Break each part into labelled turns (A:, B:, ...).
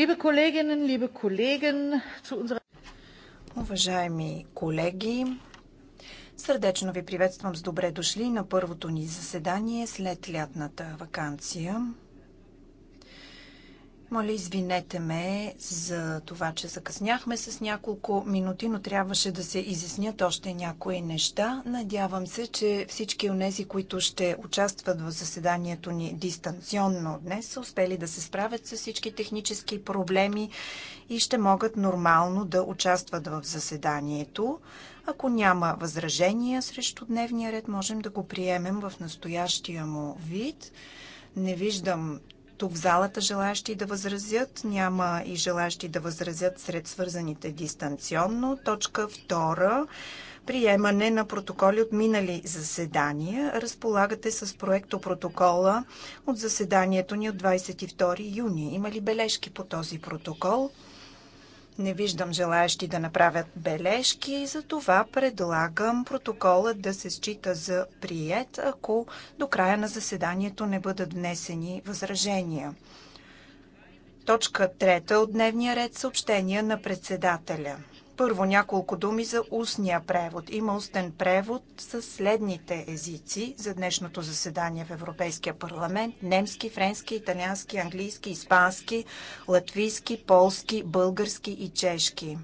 A: Liebe Kolleginnen, liebe Kollegen, zu unserer... Уважаеми колеги, сърдечно ви приветствам с добре дошли на първото ни заседание след лятната вакансия. Моля, извинете ме за това, че закъсняхме с няколко минути, но трябваше да се изяснят още някои неща. Надявам се, че всички от тези, които ще участват в заседанието ни дистанционно днес, са успели да се справят с всички технически проблеми и ще могат нормално да участват в заседанието. Ако няма възражения срещу дневния ред, можем да го приемем в настоящия му вид. Не виждам тук в залата желаящи да възразят. Няма и желаящи да възразят сред свързаните дистанционно. Точка втора приемане на протоколи от минали заседания. Разполагате с проекто протокола от заседанието ни от 22 юни. Има ли бележки по този протокол? Не виждам желаящи да направят бележки и за това предлагам протоколът да се счита за прият, ако до края на заседанието не бъдат внесени възражения. Точка трета от дневния ред съобщения на председателя. Първо няколко думи за устния превод. Има устен превод с следните езици за днешното заседание в Европейския парламент. Немски, френски, италиански, английски, испански, латвийски, полски, български и чешки.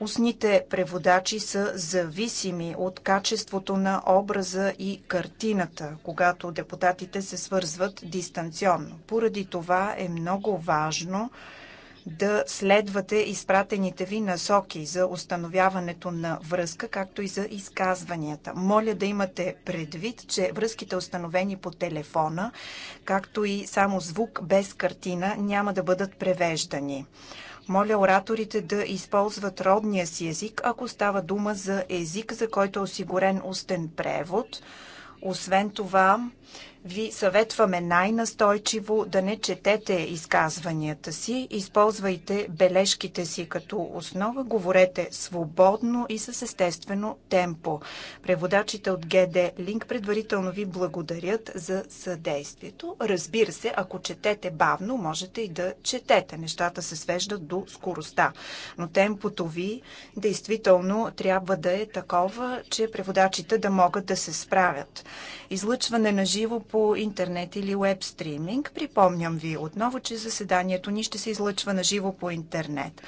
A: Устните преводачи са зависими от качеството на образа и картината, когато депутатите се свързват дистанционно. Поради това е много важно – да следвате изпратените ви насоки за установяването на връзка, както и за изказванията. Моля да имате предвид, че връзките установени по телефона, както и само звук без картина, няма да бъдат превеждани. Моля ораторите да използват родния си език, ако става дума за език, за който е осигурен устен превод. Освен това, ви съветваме най-настойчиво да не четете изказванията си. Използвайте бележките си като основа. Говорете свободно и с естествено темпо. Преводачите от GD Линк предварително ви благодарят за съдействието. Разбира се, ако четете бавно, можете и да четете. Нещата се свеждат до скоростта. Но темпото ви действително трябва да е такова, че преводачите да могат да се справят. Излъчване на живо по интернет или веб стриминг. Припомням ви отново, че заседанието ни ще се излъчва на живо по интернет.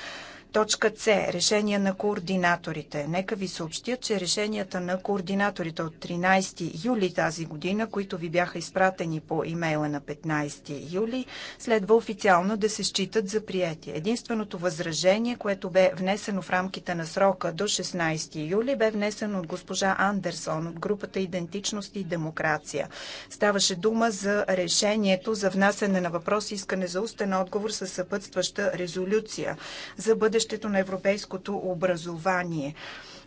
A: Точка С. Решение на координаторите. Нека ви съобщя, че решенията на координаторите от 13 юли тази година, които ви бяха изпратени по имейла на 15 юли, следва официално да се считат за приятие. Единственото възражение, което бе внесено в рамките на срока до 16 юли, бе внесено от госпожа Андерсон от групата Идентичност и демокрация. Ставаше дума за решението за внасене на въпрос искане за устен отговор със съпътстваща резолюция за бъдещето бъдещето на европейското образование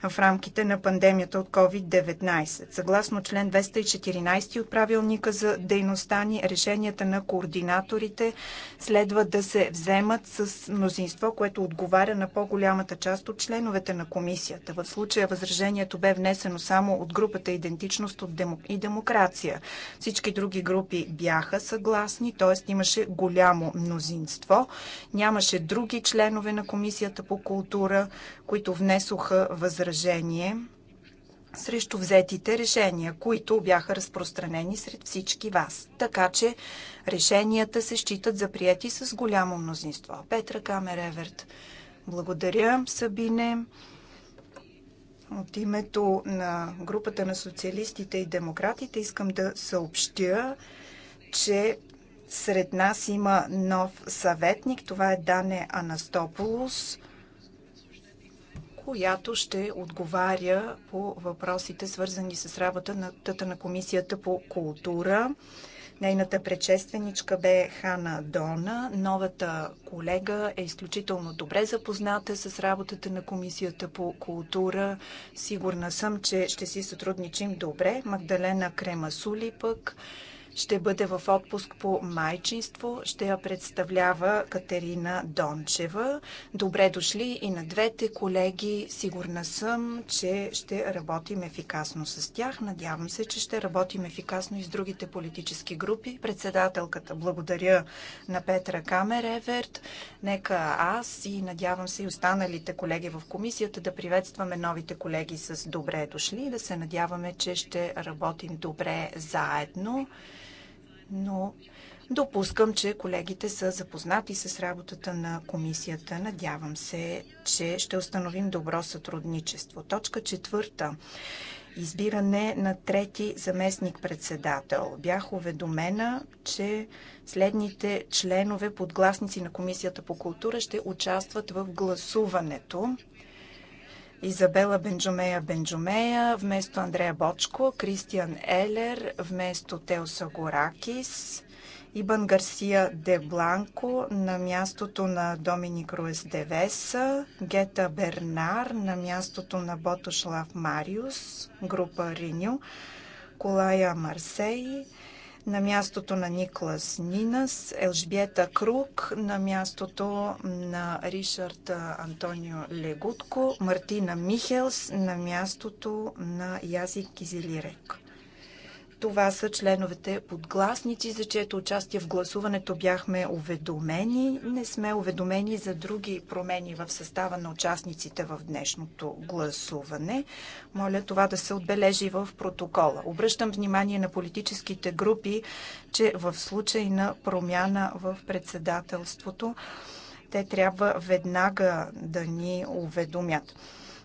A: в рамките на пандемията от COVID-19. Съгласно член 214 от правилника за дейността ни, решенията на координаторите следва да се вземат с мнозинство, което отговаря на по-голямата част от членовете на комисията. В случая възражението бе внесено само от групата Идентичност и демокрация. Всички други групи бяха съгласни, т.е. имаше голямо мнозинство. Нямаше други членове на комисията по култура, които внесоха възражения възражение срещу взетите решения, които бяха разпространени сред всички вас. Така че решенията се считат за прияти с голямо мнозинство. Петра Камереверт, благодаря, Сабине. От името на групата на социалистите и демократите искам да съобщя, че сред нас има нов съветник. Това е Дане Анастополос която ще отговаря по въпросите, свързани с работата на Комисията по култура. Нейната предшественичка бе Хана Дона. Новата колега е изключително добре запозната с работата на Комисията по култура. Сигурна съм, че ще си сътрудничим добре. Магдалена Кремасули пък ще бъде в отпуск по майчинство. Ще я представлява Катерина Дончева. Добре дошли и на двете колеги. Сигурна съм, че ще работим ефикасно с тях. Надявам се, че ще работим ефикасно и с другите политически групи. Председателката, благодаря на Петра Камереверт. Нека аз и надявам се и останалите колеги в комисията да приветстваме новите колеги с добре дошли и да се надяваме, че ще работим добре заедно но допускам, че колегите са запознати с работата на комисията. Надявам се, че ще установим добро сътрудничество. Точка четвърта избиране на трети заместник-председател. Бях уведомена, че следните членове подгласници на Комисията по култура ще участват в гласуването. Изабела Бенджумея Бенджумея, вместо Андрея Бочко, Кристиан Елер, вместо Теоса Горакис, Ибан Гарсия де Бланко на мястото на Доминик Руес Девеса, Гета Бернар на мястото на Ботошлав Мариус, група Риню, Колая Марсей, на мястото на Никлас Нинас, Елжбета Крук на мястото на Ришард Антонио Легутко, Мартина Михелс на мястото на Язик Кизилирек. Това са членовете подгласници, за чието участие в гласуването бяхме уведомени. Не сме уведомени за други промени в състава на участниците в днешното гласуване. Моля това да се отбележи в протокола. Обръщам внимание на политическите групи, че в случай на промяна в председателството, те трябва веднага да ни уведомят.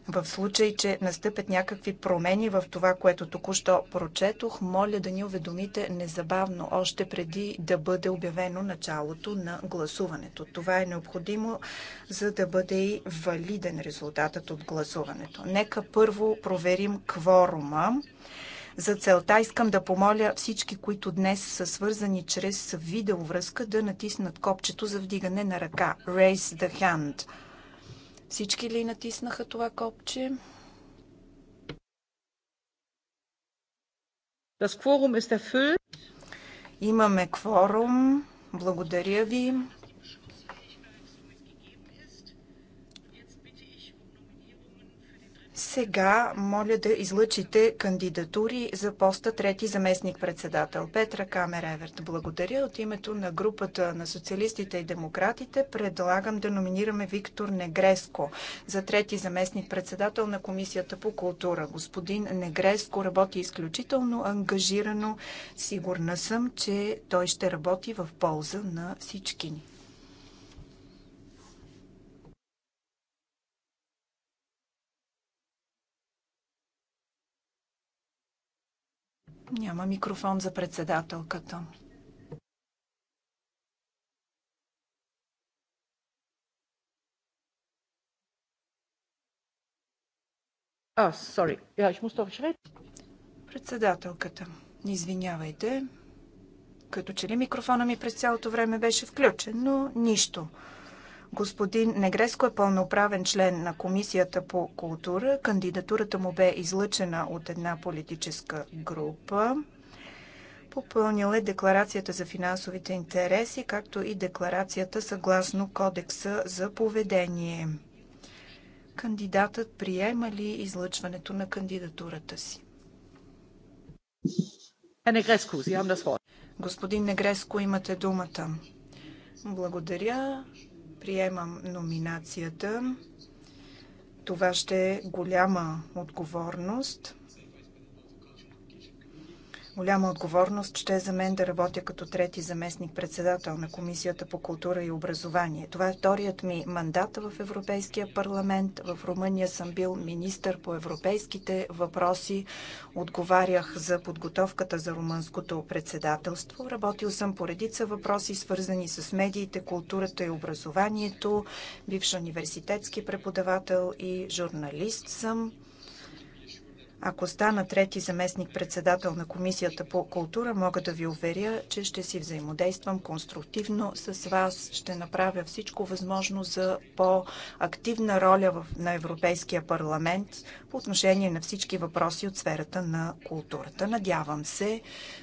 A: В случай, че настъпят някакви промени в това, което току-що прочетох, моля да ни уведомите незабавно, още преди да бъде обявено началото на гласуването. Това е необходимо, за да бъде и валиден резултатът от гласуването. Нека първо проверим кворума. За целта искам да помоля всички, които днес са свързани чрез видеовръзка, да натиснат копчето за вдигане на ръка. Raise the hand. Всички ли натиснаха това копче? Das Quorum ist erfüllt. Имаме кворум. Благодаря ви. Сега моля да излъчите кандидатури за поста трети заместник-председател. Петра Камереверт, благодаря. От името на групата на социалистите и демократите предлагам да номинираме Виктор Негреско за трети заместник-председател на Комисията по култура. Господин Негреско работи изключително ангажирано. Сигурна съм, че той ще работи в полза на всички ни. Няма микрофон за председателката. А, сори. му ще. Председателката. Извинявайте. Като че ли микрофона ми през цялото време беше включен, но нищо. Господин Негреско е пълноправен член на Комисията по култура. Кандидатурата му бе излъчена от една политическа група. Попълнил е декларацията за финансовите интереси, както и декларацията съгласно Кодекса за поведение. Кандидатът приема ли излъчването на кандидатурата си? Господин Негреско, имате думата. Благодаря. Приемам номинацията. Това ще е голяма отговорност. Голяма отговорност ще е за мен да работя като трети заместник-председател на Комисията по култура и образование. Това е вторият ми мандат в Европейския парламент. В Румъния съм бил министър по европейските въпроси. Отговарях за подготовката за румънското председателство. Работил съм по редица въпроси, свързани с медиите, културата и образованието. Бивш университетски преподавател и журналист съм. Ако стана трети заместник председател на Комисията по култура, мога да ви уверя, че ще си взаимодействам конструктивно с вас. Ще направя всичко възможно за по-активна роля на Европейския парламент по отношение на всички въпроси от сферата на културата. Надявам се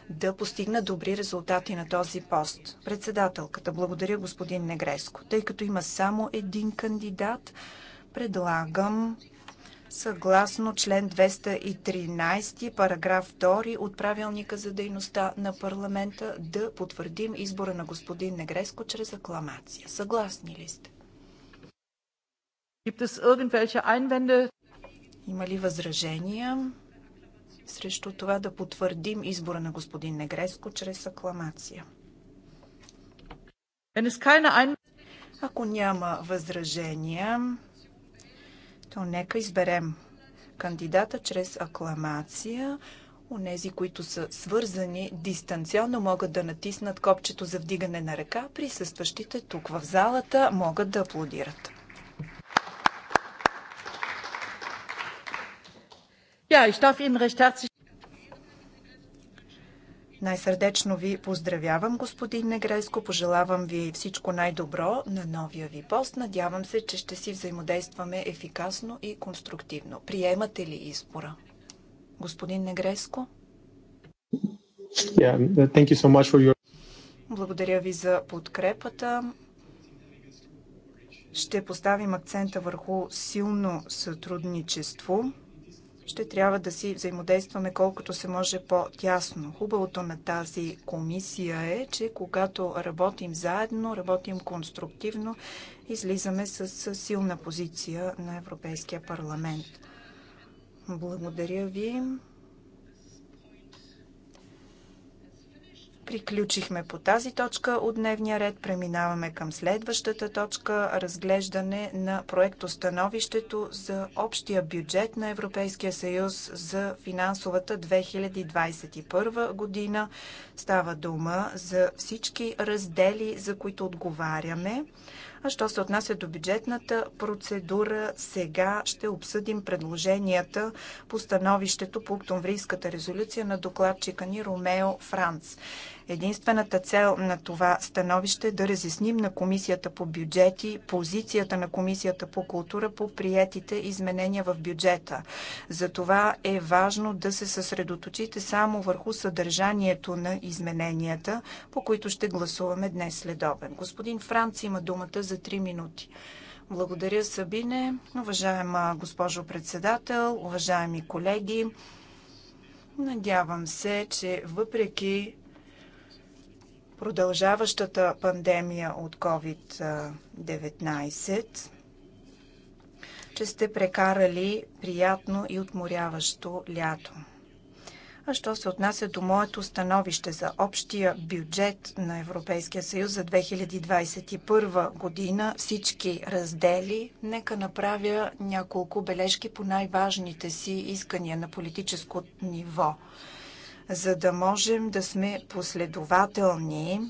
A: да постигна добри резултати на този пост. Председателката, благодаря господин Негреско. Тъй като има само един кандидат, предлагам съгласно член 213, параграф 2 от правилника за дейността на парламента да потвърдим избора на господин Негреско чрез акламация. Съгласни ли сте? Има ли възражения срещу това да потвърдим избора на господин Негреско чрез акламация? Ако няма възражения, то нека изберем кандидата чрез акламация. Онези, които са свързани дистанционно, могат да натиснат копчето за вдигане на ръка. Присъстващите тук в залата могат да аплодират. Ja, ich darf Ihnen recht herzlich най-сърдечно ви поздравявам, господин Негреско. Пожелавам ви всичко най-добро на новия ви пост. Надявам се, че ще си взаимодействаме ефикасно и конструктивно. Приемате ли избора? Господин Негреско?
B: Yeah, thank you so much for your...
A: Благодаря ви за подкрепата. Ще поставим акцента върху силно сътрудничество ще трябва да си взаимодействаме колкото се може по-тясно. Хубавото на тази комисия е, че когато работим заедно, работим конструктивно, излизаме с силна позиция на Европейския парламент. Благодаря ви. Приключихме по тази точка от дневния ред. Преминаваме към следващата точка разглеждане на проектостановището за общия бюджет на Европейския съюз за финансовата 2021 година. Става дума за всички раздели, за които отговаряме. А що се отнася до бюджетната процедура, сега ще обсъдим предложенията по становището по октомврийската резолюция на докладчика ни Ромео Франц. Единствената цел на това становище е да разясним на Комисията по бюджети позицията на Комисията по култура по приетите изменения в бюджета. Затова е важно да се съсредоточите само върху съдържанието на измененията, по които ще гласуваме днес следобен. Господин Франц има думата за 3 минути. Благодаря, Сабине. Уважаема госпожо председател, уважаеми колеги, надявам се, че въпреки продължаващата пандемия от COVID-19, че сте прекарали приятно и отморяващо лято. А що се отнася до моето становище за общия бюджет на Европейския съюз за 2021 година, всички раздели, нека направя няколко бележки по най-важните си искания на политическо ниво – за да можем да сме последователни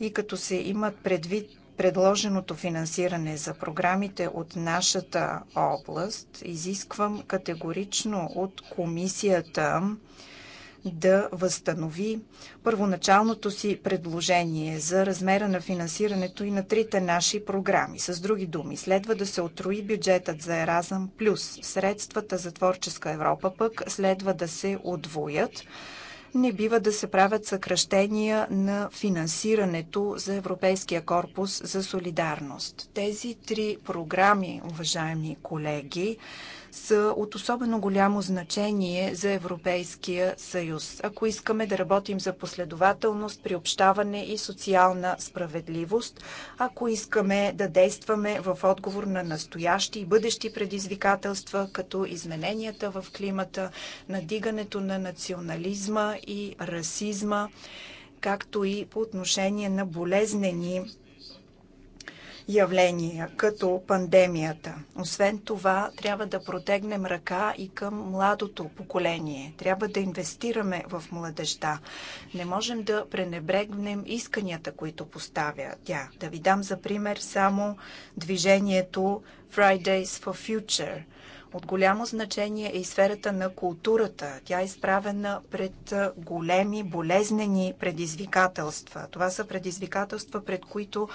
A: и като се имат предвид предложеното финансиране за програмите от нашата област, изисквам категорично от комисията да възстанови първоначалното си предложение за размера на финансирането и на трите наши програми. С други думи, следва да се отрои бюджетът за Еразъм плюс средствата за Творческа Европа пък следва да се отвоят не бива да се правят съкръщения на финансирането за Европейския корпус за солидарност. Тези три програми, уважаеми колеги, са от особено голямо значение за Европейския съюз, ако искаме да работим за последователност, приобщаване и социална справедливост, ако искаме да действаме в отговор на настоящи и бъдещи предизвикателства, като измененията в климата, надигането на национализма и расизма, както и по отношение на болезнени явления, като пандемията. Освен това, трябва да протегнем ръка и към младото поколение. Трябва да инвестираме в младежта. Не можем да пренебрегнем исканията, които поставя тя. Да ви дам за пример само движението Fridays for Future – от голямо значение е и сферата на културата. Тя е изправена пред големи, болезнени предизвикателства. Това са предизвикателства, пред които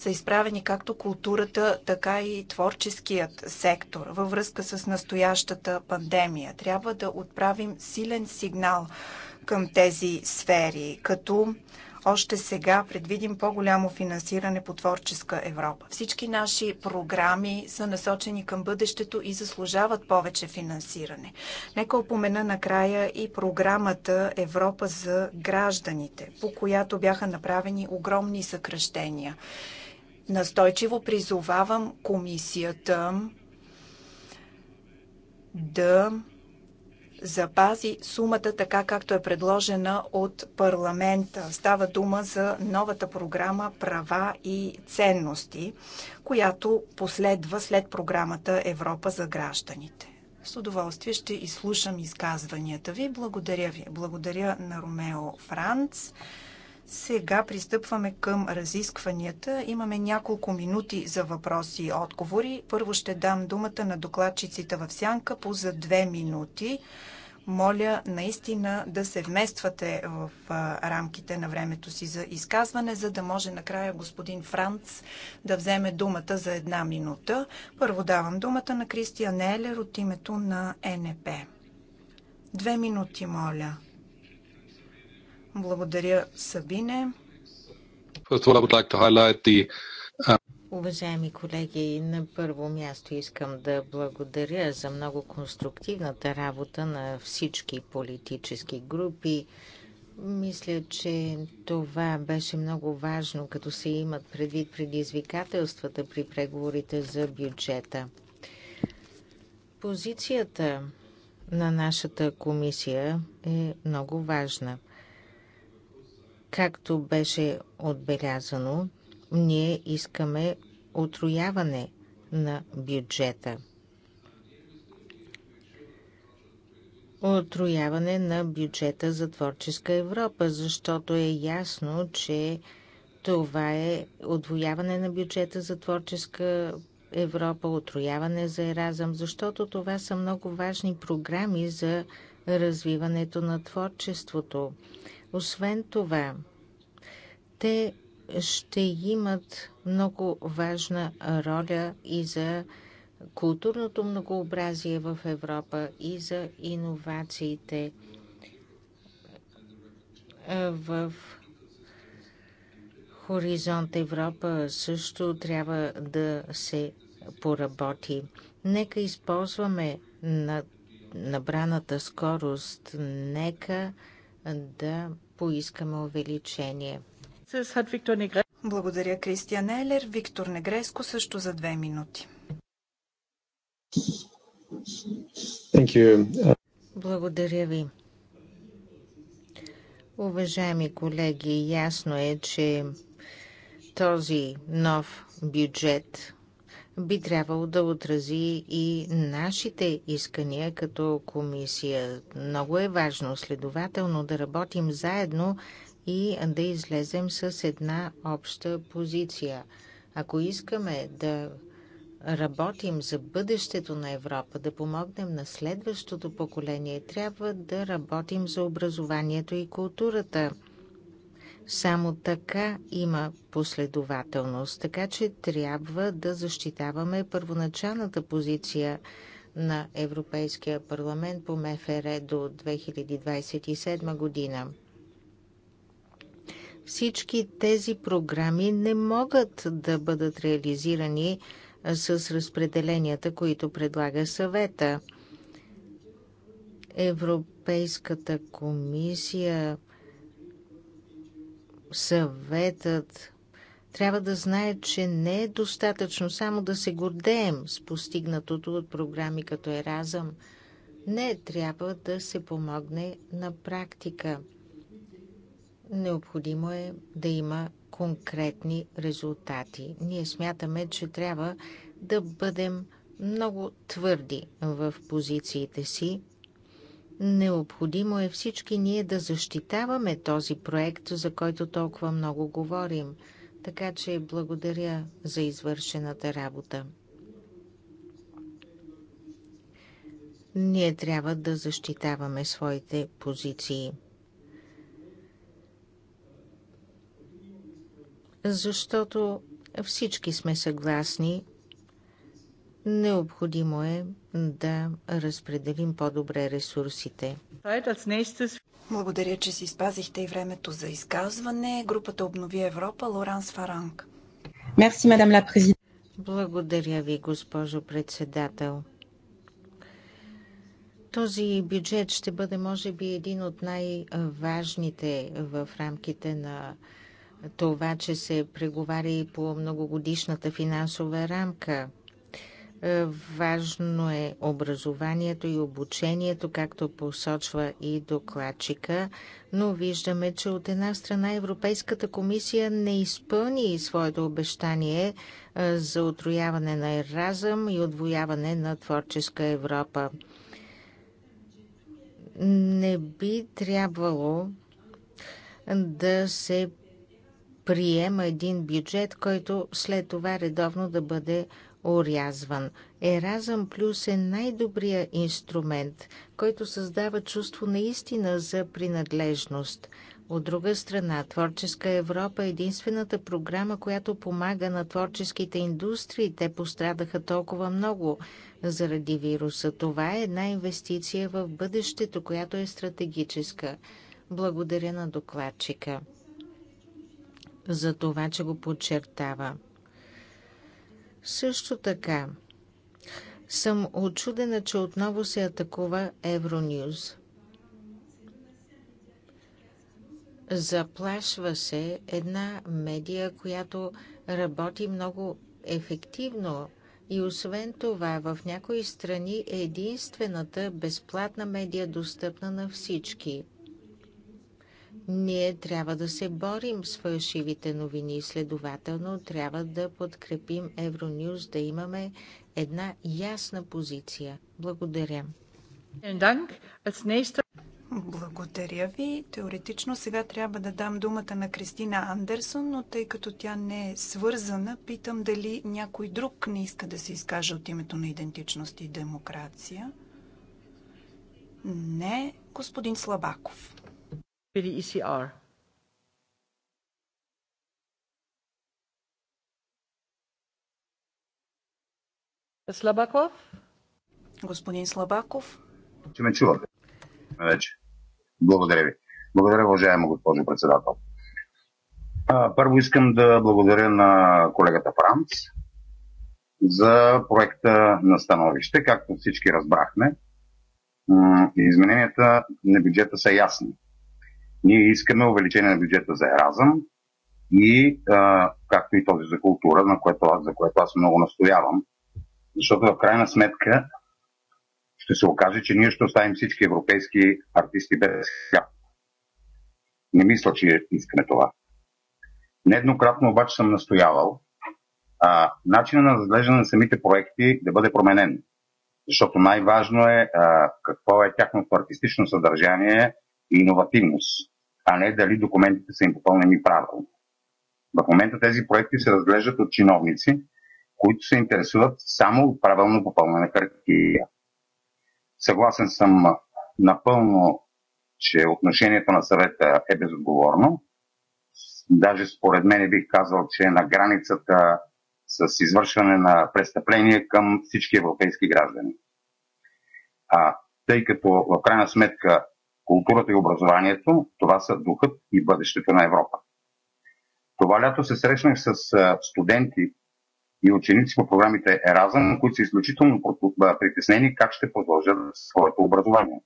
A: са изправени както културата, така и творческият сектор във връзка с настоящата пандемия. Трябва да отправим силен сигнал към тези сфери, като още сега предвидим по-голямо финансиране по творческа Европа. Всички наши програми са насочени към бъдещето и заслужават повече финансиране. Нека опомена накрая и програмата Европа за гражданите, по която бяха направени огромни съкръщения. Настойчиво призовавам комисията да запази сумата така, както е предложена от парламента. Става дума за новата програма Права и ценности, която последва след програмата Европа за гражданите. С удоволствие ще изслушам изказванията ви. Благодаря ви. Благодаря на Ромео Франц. Сега пристъпваме към разискванията. Имаме няколко минути за въпроси и отговори. Първо ще дам думата на докладчиците в сянка по за две минути. Моля наистина да се вмествате в рамките на времето си за изказване, за да може накрая господин Франц да вземе думата за една минута. Първо давам думата на Кристия Нелер от името на НП. Две
C: минути, моля. Благодаря, Сабине.
B: Uh,
C: Уважаеми колеги, на първо място искам да благодаря за много конструктивната работа на всички политически групи. Мисля, че това беше много важно, като се имат предвид предизвикателствата при преговорите за бюджета. Позицията на нашата комисия е много важна – Както беше отбелязано, ние искаме отрояване на бюджета. Отрояване на бюджета за творческа Европа, защото е ясно, че това е отвояване на бюджета за творческа Европа, отрояване за Еразъм, защото това са много важни програми за развиването на творчеството. Освен това, те ще имат много важна роля и за културното многообразие в Европа и за иновациите в Хоризонт Европа също трябва да се поработи. Нека използваме на набраната скорост, нека да поискаме увеличение. Благодаря, Кристиан Елер. Виктор Негреско също за две минути. Благодаря ви. Уважаеми колеги, ясно е, че този нов бюджет би трябвало да отрази и нашите искания като комисия. Много е важно следователно да работим заедно и да излезем с една обща позиция. Ако искаме да работим за бъдещето на Европа, да помогнем на следващото поколение, трябва да работим за образованието и културата – само така има последователност, така че трябва да защитаваме първоначалната позиция на Европейския парламент по МФР до 2027 година. Всички тези програми не могат да бъдат реализирани с разпределенията, които предлага съвета. Европейската комисия съветът трябва да знае, че не е достатъчно само да се гордеем с постигнатото от програми като Еразъм. Не трябва да се помогне на практика. Необходимо е да има конкретни резултати. Ние смятаме, че трябва да бъдем много твърди в позициите си Необходимо е всички ние да защитаваме този проект, за който толкова много говорим. Така че благодаря за извършената работа. Ние трябва да защитаваме своите позиции. Защото всички сме съгласни, Необходимо е да разпределим по-добре ресурсите.
A: Благодаря, че си спазихте и времето за изказване. Групата Обнови
C: Европа, Лоранс Фаранг.
B: Мерси, мадам ла
C: Благодаря ви, госпожо председател. Този бюджет ще бъде, може би, един от най-важните в рамките на това, че се преговаря и по многогодишната финансова рамка – е, важно е образованието и обучението, както посочва и докладчика, но виждаме, че от една страна Европейската комисия не изпълни своето обещание е, за отрояване на еразъм и отвояване на творческа Европа. Не би трябвало да се приема един бюджет, който след това редовно да бъде орязван. Еразъм Плюс е най-добрият инструмент, който създава чувство наистина за принадлежност. От друга страна, Творческа Европа е единствената програма, която помага на творческите индустрии. Те пострадаха толкова много заради вируса. Това е една инвестиция в бъдещето, която е стратегическа. Благодаря на докладчика за това, че го подчертава. Също така съм очудена, че отново се атакува Евронюз. Заплашва се една медия, която работи много ефективно и освен това в някои страни е единствената безплатна медия достъпна на всички. Ние трябва да се борим с фалшивите новини, следователно трябва да подкрепим Евронюз, да имаме една ясна позиция. Благодаря.
A: Благодаря ви. Теоретично сега трябва да дам думата на Кристина Андерсон, но тъй като тя не е свързана, питам дали някой друг не иска да се изкаже от името на идентичност и демокрация. Не, господин Слабаков
C: for the ECR.
A: Слабаков? Господин Слабаков?
B: Ще ме чувате вече. Благодаря ви. Благодаря, уважаема госпожо председател. А, първо искам да благодаря на колегата Франц за проекта на становище. Както всички разбрахме, измененията на бюджета са ясни. Ние искаме увеличение на бюджета за Еразъм и а, както и този за култура, на което, за което аз много настоявам, защото в крайна сметка ще се окаже, че ние ще оставим всички европейски артисти без хляб. Не мисля, че искаме това. Нееднократно обаче съм настоявал а, начина на разглеждане на самите проекти да бъде променен. Защото най-важно е а, какво е тяхното артистично съдържание и иновативност а не дали документите са им попълнени правилно. В момента тези проекти се разглеждат от чиновници, които се интересуват само от правилно попълнена картия. Съгласен съм напълно, че отношението на съвета е безотговорно. Даже според мен бих казал, че е на границата с извършване на престъпление към всички европейски граждани. А, тъй като в крайна сметка културата и образованието това са духът и бъдещето на Европа. Това лято се срещнах с студенти и ученици по програмите Еразъм, които са изключително притеснени как ще продължат своето образование.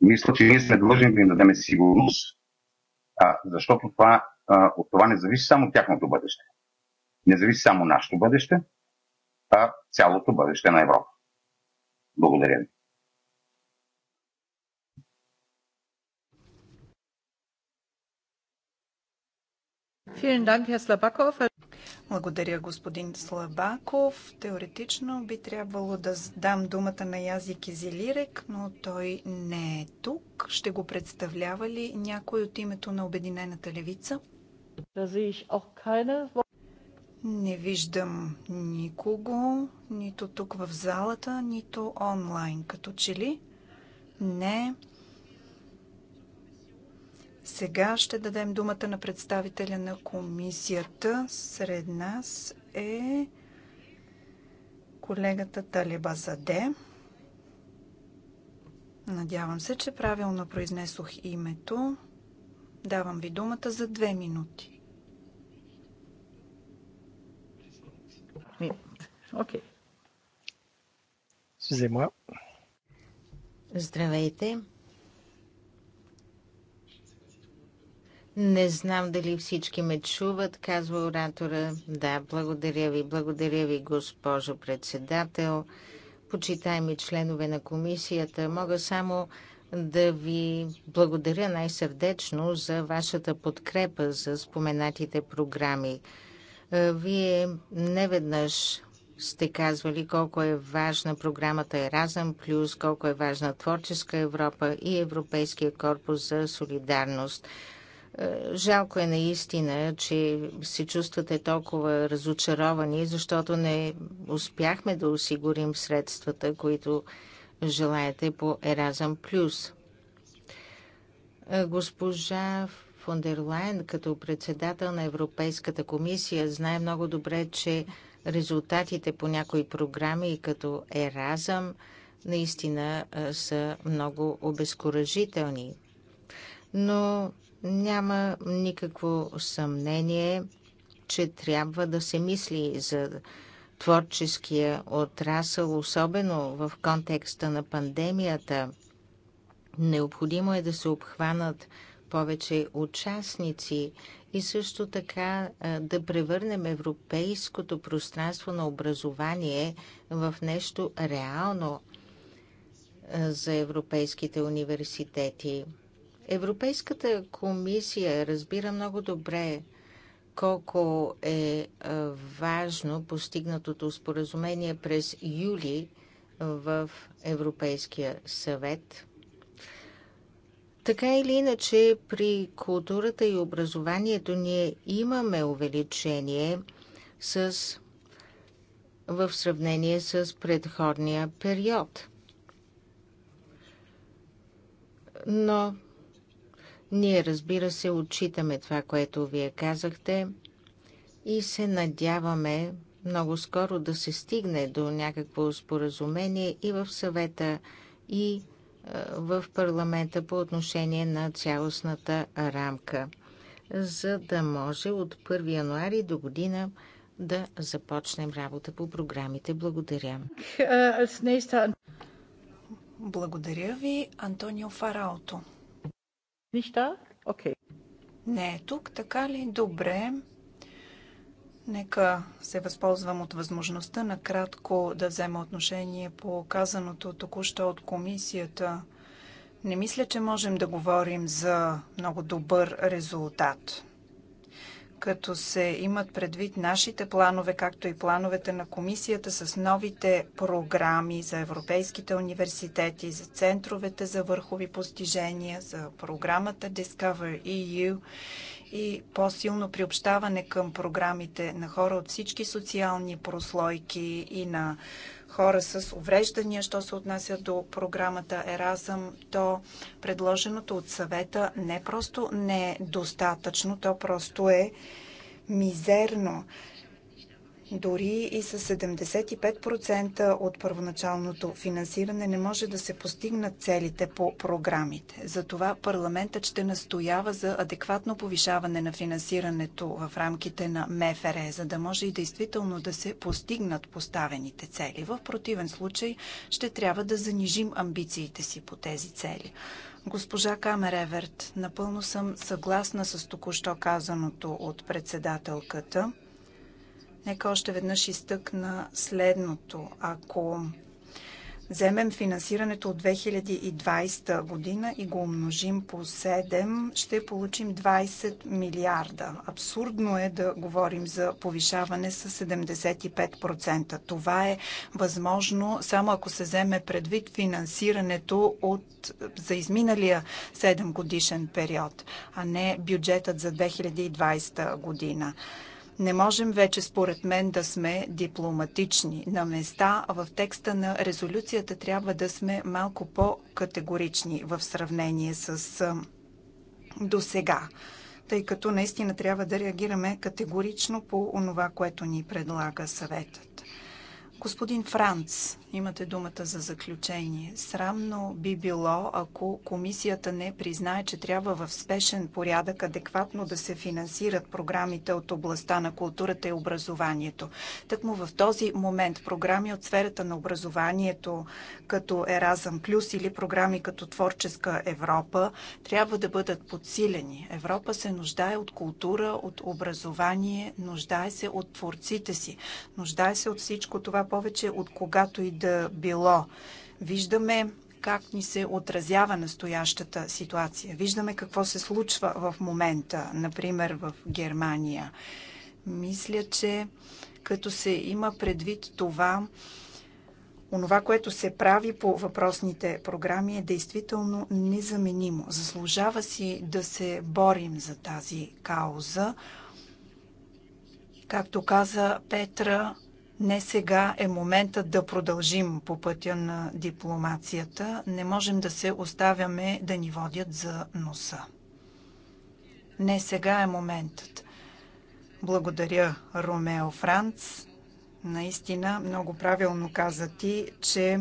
B: Мисля, че ние сме длъжни да им дадем сигурност, защото това, от това не зависи само тяхното бъдеще. Не зависи само нашето бъдеще, а цялото бъдеще на Европа. Благодаря ви.
A: Благодаря, господин Слабаков. Теоретично би трябвало да дам думата на Язик Изилирек, но той не е тук. Ще го представлява ли някой от името на Обединената левица? Не виждам никого, нито тук в залата, нито онлайн, като че ли. Не. Сега ще дадем думата на представителя на комисията. Сред нас е колегата Заде. Надявам се, че правилно произнесох името. Давам ви думата за две минути.
C: Окей. Okay. Здравейте. Не знам дали всички ме чуват, казва оратора. Да, благодаря ви, благодаря ви, госпожо председател. Почитаеми членове на комисията, мога само да ви благодаря най-сърдечно за вашата подкрепа за споменатите програми. Е, вие неведнъж сте казвали колко е важна програмата Еразъм Плюс, колко е важна Творческа Европа и Европейския корпус за солидарност – Жалко е наистина, че се чувствате толкова разочаровани, защото не успяхме да осигурим средствата, които желаете по Еразъм Плюс. Госпожа Фондерлайн, като председател на Европейската комисия, знае много добре, че резултатите по някои програми, като Еразъм, наистина са много обезкуражителни но няма никакво съмнение, че трябва да се мисли за творческия отрасъл, особено в контекста на пандемията. Необходимо е да се обхванат повече участници и също така да превърнем европейското пространство на образование в нещо реално за европейските университети. Европейската комисия разбира много добре колко е, е важно постигнатото споразумение през юли в Европейския съвет. Така или иначе, при културата и образованието ние имаме увеличение с, в сравнение с предходния период. Но ние, разбира се, отчитаме това, което вие казахте и се надяваме много скоро да се стигне до някакво споразумение и в съвета, и е, в парламента по отношение на цялостната рамка, за да може от 1 януари до година да започнем работа по програмите. Благодаря.
A: Благодаря ви, Антонио Фараото. Нища? Окей. Okay. Не е тук, така ли? Добре. Нека се възползвам от възможността накратко да взема отношение по казаното току-що от комисията. Не мисля, че можем да говорим за много добър резултат като се имат предвид нашите планове, както и плановете на комисията с новите програми за европейските университети, за центровете за върхови постижения, за програмата Discover EU и по-силно приобщаване към програмите на хора от всички социални прослойки и на хора с увреждания. Що се отнася до програмата Еразъм, то предложеното от съвета не просто не е достатъчно, то просто е мизерно. Дори и с 75% от първоначалното финансиране не може да се постигнат целите по програмите. Затова парламентът ще настоява за адекватно повишаване на финансирането в рамките на МФР, е, за да може и действително да се постигнат поставените цели. В противен случай ще трябва да занижим амбициите си по тези цели. Госпожа Камереверт, напълно съм съгласна с току-що казаното от председателката – Нека още веднъж изтъкна следното. Ако вземем финансирането от 2020 година и го умножим по 7, ще получим 20 милиарда. Абсурдно е да говорим за повишаване с 75%. Това е възможно само ако се вземе предвид финансирането от, за изминалия 7 годишен период, а не бюджетът за 2020 година. Не можем вече, според мен, да сме дипломатични. На места в текста на резолюцията трябва да сме малко по-категорични в сравнение с до сега, тъй като наистина трябва да реагираме категорично по онова, което ни предлага съветът. Господин Франц, имате думата за заключение. Срамно би било, ако комисията не признае, че трябва в спешен порядък адекватно да се финансират програмите от областта на културата и образованието. Тъкмо в този момент програми от сферата на образованието, като Еразъм Плюс или програми като Творческа Европа, трябва да бъдат подсилени. Европа се нуждае от култура, от образование, нуждае се от творците си, нуждае се от всичко това, повече от когато и да било. Виждаме как ни се отразява настоящата ситуация. Виждаме какво се случва в момента, например в Германия. Мисля, че като се има предвид това, онова, което се прави по въпросните програми е действително незаменимо. Заслужава си да се борим за тази кауза. Както каза Петра, не сега е моментът да продължим по пътя на дипломацията. Не можем да се оставяме да ни водят за носа. Не сега е моментът. Благодаря, Ромео Франц. Наистина, много правилно каза ти, че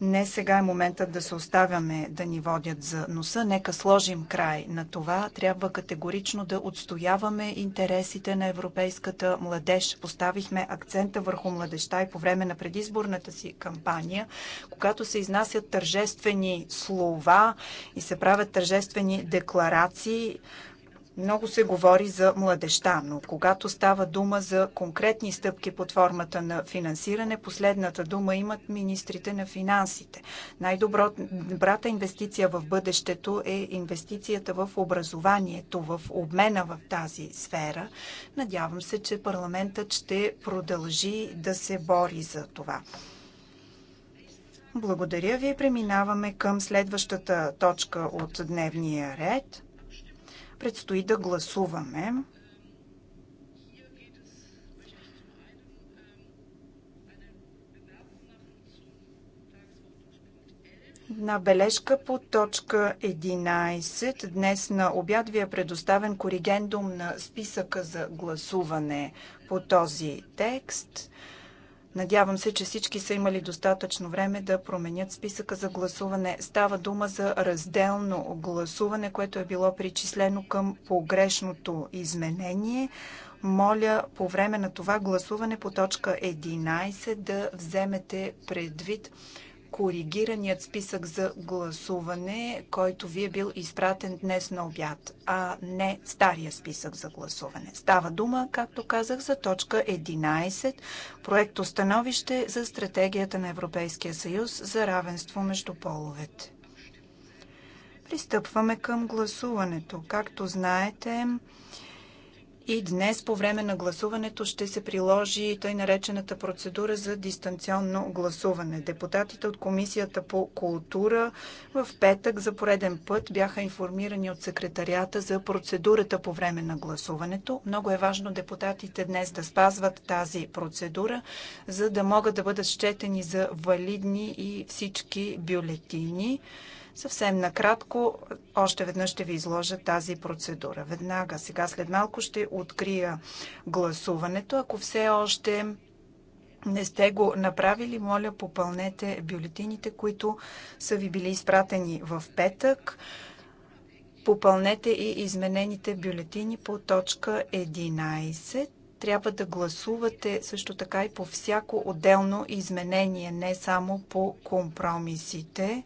A: не сега е моментът да се оставяме да ни водят за носа. Нека сложим край на това. Трябва категорично да отстояваме интересите на европейската младеж. Поставихме акцента върху младеща и по време на предизборната си кампания. Когато се изнасят тържествени слова и се правят тържествени декларации, много се говори за младеща, но когато става дума за конкретни стъпки под формата на финансиране, последната дума имат министрите на финансите. Най-добрата инвестиция в бъдещето е инвестицията в образованието, в обмена в тази сфера. Надявам се, че парламентът ще продължи да се бори за това. Благодаря ви. Преминаваме към следващата точка от дневния ред – Предстои да гласуваме. На бележка по точка 11. Днес на обяд ви е предоставен коригендум на списъка за гласуване по този текст. Надявам се, че всички са имали достатъчно време да променят списъка за гласуване. Става дума за разделно гласуване, което е било причислено към погрешното изменение. Моля по време на това гласуване по точка 11 да вземете предвид коригираният списък за гласуване, който ви е бил изпратен днес на обяд, а не стария списък за гласуване. Става дума, както казах, за точка 11, проекто становище за стратегията на Европейския съюз за равенство между половете. Пристъпваме към гласуването. Както знаете, и днес по време на гласуването ще се приложи тъй наречената процедура за дистанционно гласуване. Депутатите от Комисията по култура в петък за пореден път бяха информирани от секретарията за процедурата по време на гласуването. Много е важно депутатите днес да спазват тази процедура, за да могат да бъдат щетени за валидни и всички бюлетини. Съвсем накратко, още веднъж ще ви изложа тази процедура. Веднага, сега след малко ще открия гласуването. Ако все още не сте го направили, моля попълнете бюлетините, които са ви били изпратени в петък. Попълнете и изменените бюлетини по точка 11 трябва да гласувате също така и по всяко отделно изменение, не само по компромисите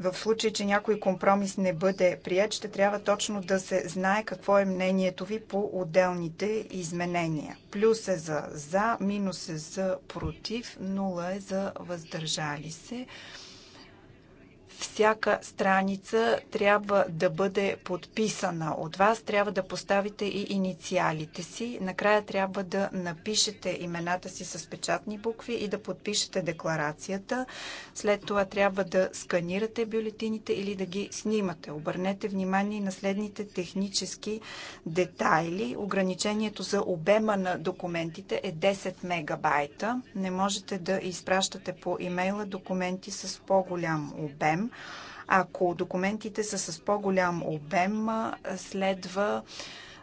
A: в случай, че някой компромис не бъде прият, ще трябва точно да се знае какво е мнението ви по отделните изменения. Плюс е за за, минус е за против, нула е за въздържали се. Всяка страница трябва да бъде подписана от вас, трябва да поставите и инициалите си. Накрая трябва да напишете имената си с печатни букви и да подпишете декларацията. След това трябва да сканирате бюлетините или да ги снимате. Обърнете внимание на следните технически детайли. Ограничението за обема на документите е 10 мегабайта. Не можете да изпращате по имейла документи с по-голям обем ако документите са с по-голям обем, следва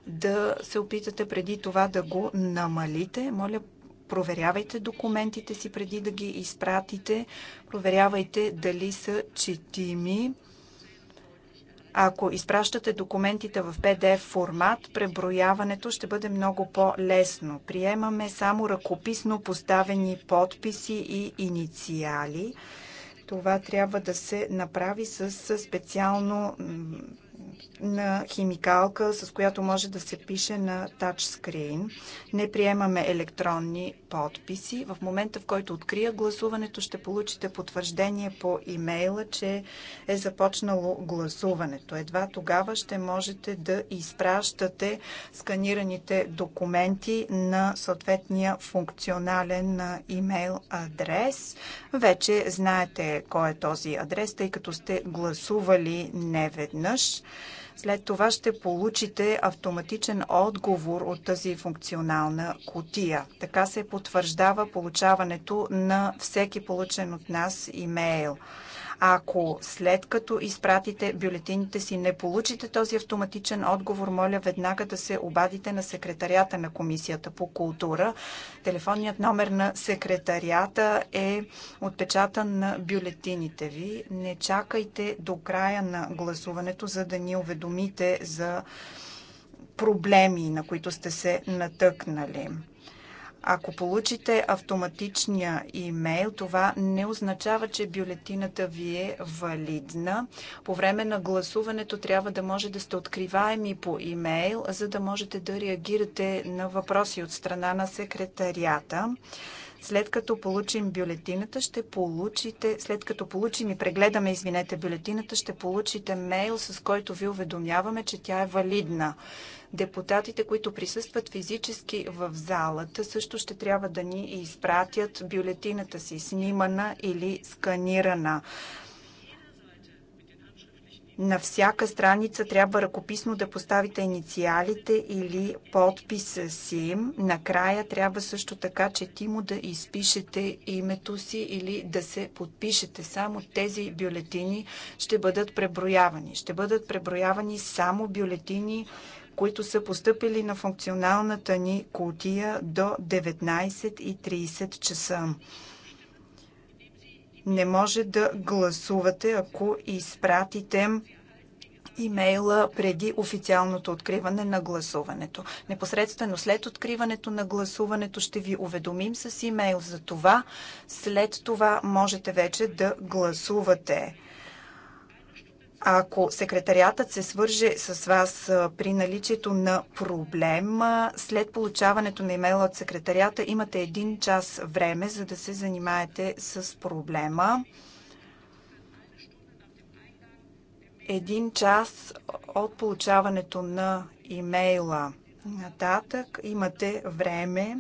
A: да се опитате преди това да го намалите. Моля, проверявайте документите си преди да ги изпратите. Проверявайте дали са четими. Ако изпращате документите в PDF формат, преброяването ще бъде много по-лесно. Приемаме само ръкописно поставени подписи и инициали. Това трябва да се направи с специално на химикалка, с която може да се пише на тачскрин. Не приемаме електронни подписи. В момента, в който открия гласуването, ще получите потвърждение по имейла, че е започнало гласуването. Едва тогава ще можете да изпращате сканираните документи на съответния функционален имейл адрес. Вече знаете кой е този адрес, тъй като сте гласували неведнъж. След това ще получите автоматичен отговор от тази функционална кутия. Така се потвърждава получаването на всеки получен от нас имейл. Ако след като изпратите бюлетините си не получите този автоматичен отговор, моля веднага да се обадите на секретарията на Комисията по култура. Телефонният номер на секретарията е отпечатан на бюлетините ви. Не чакайте до края на гласуването, за да ни уведомите за проблеми, на които сте се натъкнали. Ако получите автоматичния имейл, това не означава, че бюлетината ви е валидна. По време на гласуването трябва да може да сте откриваеми по имейл, за да можете да реагирате на въпроси от страна на секретарията. След като получим бюлетината, ще получите, след като получим и прегледаме, извинете, бюлетината, ще получите мейл, с който ви уведомяваме, че тя е валидна. Депутатите, които присъстват физически в залата, също ще трябва да ни изпратят бюлетината си снимана или сканирана. На всяка страница трябва ръкописно да поставите инициалите или подписа си. Накрая трябва също така че му да изпишете името си или да се подпишете. Само тези бюлетини ще бъдат преброявани. Ще бъдат преброявани само бюлетини, които са поступили на функционалната ни кутия до 19.30 часа. Не може да гласувате, ако изпратите имейла преди официалното откриване на гласуването. Непосредствено след откриването на гласуването ще ви уведомим с имейл за това. След това можете вече да гласувате. Ако секретариатът се свърже с вас при наличието на проблем, след получаването на имейла от секретарията имате един час време, за да се занимаете с проблема. Един час от получаването на имейла нататък имате време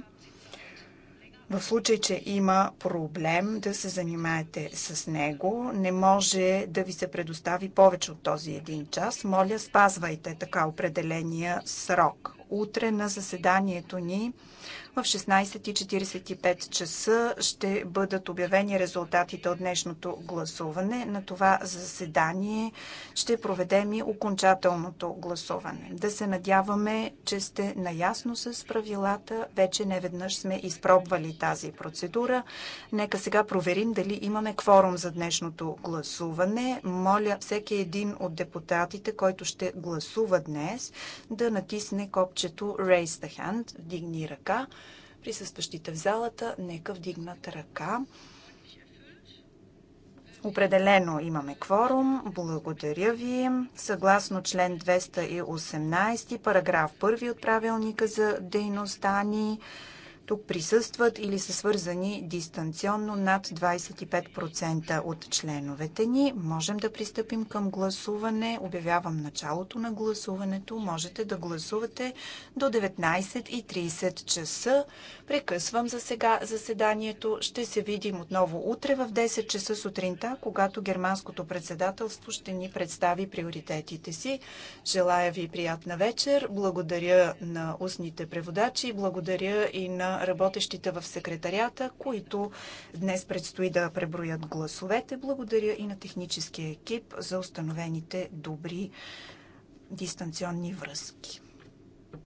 A: в случай, че има проблем, да се занимаете с него. Не може да ви се предостави повече от този един час. Моля, спазвайте така определения срок. Утре на заседанието ни в 16.45 часа ще бъдат обявени резултатите от днешното гласуване. На това заседание ще проведем и окончателното гласуване. Да се надяваме, че сте наясно с правилата. Вече не веднъж сме изпробвали тази процедура. Нека сега проверим дали имаме кворум за днешното гласуване. Моля всеки един от депутатите, който ще гласува днес, да натисне копчето Raise the Hand, дигни ръка, Присъстващите в залата, нека вдигнат ръка. Определено имаме кворум. Благодаря ви. Съгласно член 218, параграф 1 от правилника за дейността ни, тук присъстват или са свързани дистанционно над 25% от членовете ни. Можем да пристъпим към гласуване. Обявявам началото на гласуването. Можете да гласувате до 19.30 часа. Прекъсвам за сега заседанието. Ще се видим отново утре в 10 часа сутринта, когато германското председателство ще ни представи приоритетите си. Желая ви приятна вечер. Благодаря на устните преводачи. Благодаря и на работещите в секретарията, които днес предстои да преброят гласовете. Благодаря и на техническия екип за установените добри дистанционни връзки.